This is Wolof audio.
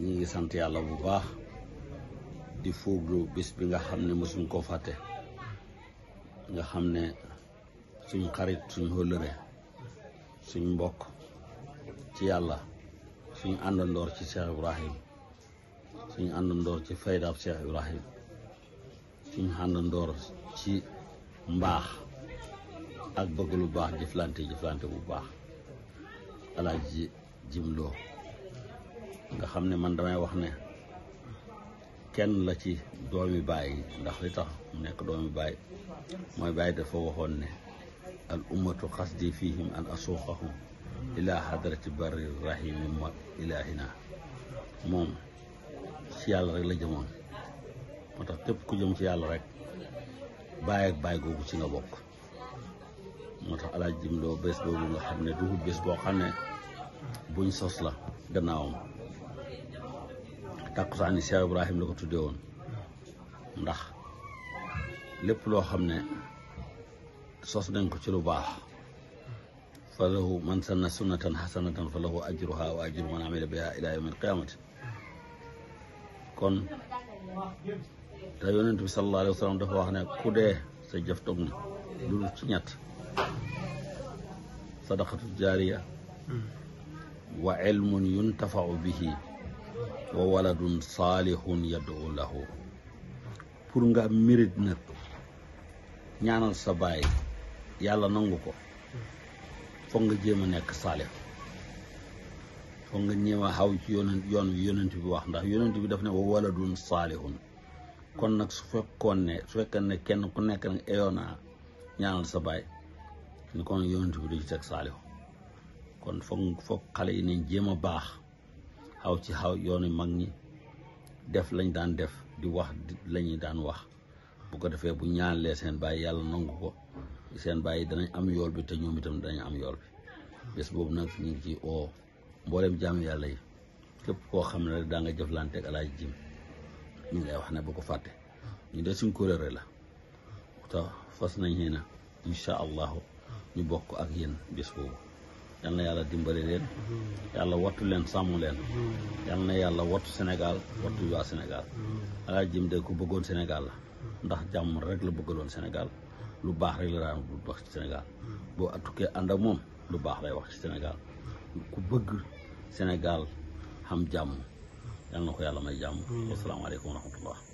ñi ngi sant yàlla bu baax di fuublu bis bi nga xam ne mosuñ koo fàtte nga xam ne suñ xarit suñ hëllëre suñ mbokk ci yàlla suñ àndandoor ci Cheikh Ibrahim suñ àndandoor ci faydaab Cheikh Ibrahim suñ àndandoor ci mbaax ak bëgg lu baax jëflante jëflante bu baax alaaji jimloo nga xam ne man damay wax ne kenn la ci doomi baay ndax li tax mu nekk doomi baay mooy baay dafa waxoon ne al ummatu xasdi fihim an asuuqahum ila hadrati barri rahimi ma na moom ci yàlla rek la jëmoon moo tax képp ku jëm ci yàlla rekk baay ak baay googu ci nga bokk moo tax alaaj jim loo bés boobu nga xam ne dugub bés boo xam ne buñ sos la gannaawam tàkkusaani Cheikh Ibrahim la ko tuddee woon ndax lépp loo xam ne sos nañ ko ci lu baax fa lahu man sanna sunnatan hasanatan fa lahu ajruha wa ajru man amila biha ila yawmi alqiyamati kon te yonent bi sallallahu alayhi wa sallam dafa wax ne ku dee sa jëf toog na lu dul ci ñett sadaqatu jaariya wa ilmun yuntafau bihi wa waladun saalihun yad'u lahu pour nga am mérite nag ñaanal sa baay yàlla nangu ko foog nga jéem a nekk saalih foog nga ñëw a xaw ci yoon yoon wi yonent bi wax ndax yonent bi daf ne wa waladun saalihun kon nag su fekkoon ne su fekkoon ne kenn ku nekk nag eyoonaa ñaanal sa baay ni kon yonent bi du ci teg kon foog foog xale yi nañ jéem baax xaw ci xaw yoonu mag ñi def lañ daan def di wax la ñuy daan wax bu ko defee bu ñaanlee seen bàyyi yàlla nangu ko seen bàyyi danañ am yool bi te ñoom itam danañ am yool bi bés boobu nag ñu ngi ci oo mbooleem jaam yàlla yi képp koo xam ne rek daa nga jëflanteeg alaaj jim ñu ngi lay wax ne bu ko fàtte ñu de suñ kóllëre la te fas nañ xëy na incha allahu ñu bokk ak yéen bés boobu yal na yàlla dimbali leen yàlla wattu leen sàmm leen yal na yàlla wattu senegal wattu waa Sénégal alaa jim de ku bëggoon senegal la ndax jàmm rek la bëggaloon senegal lu baax rek la daan wax ci Sénégal boo atukkee ànd ak moom lu baax lay wax ci senegal ku bëgg Sénégal xam jàmm yal na ko yàlla may jàmm wasalaamaaleykum wa rahmatullah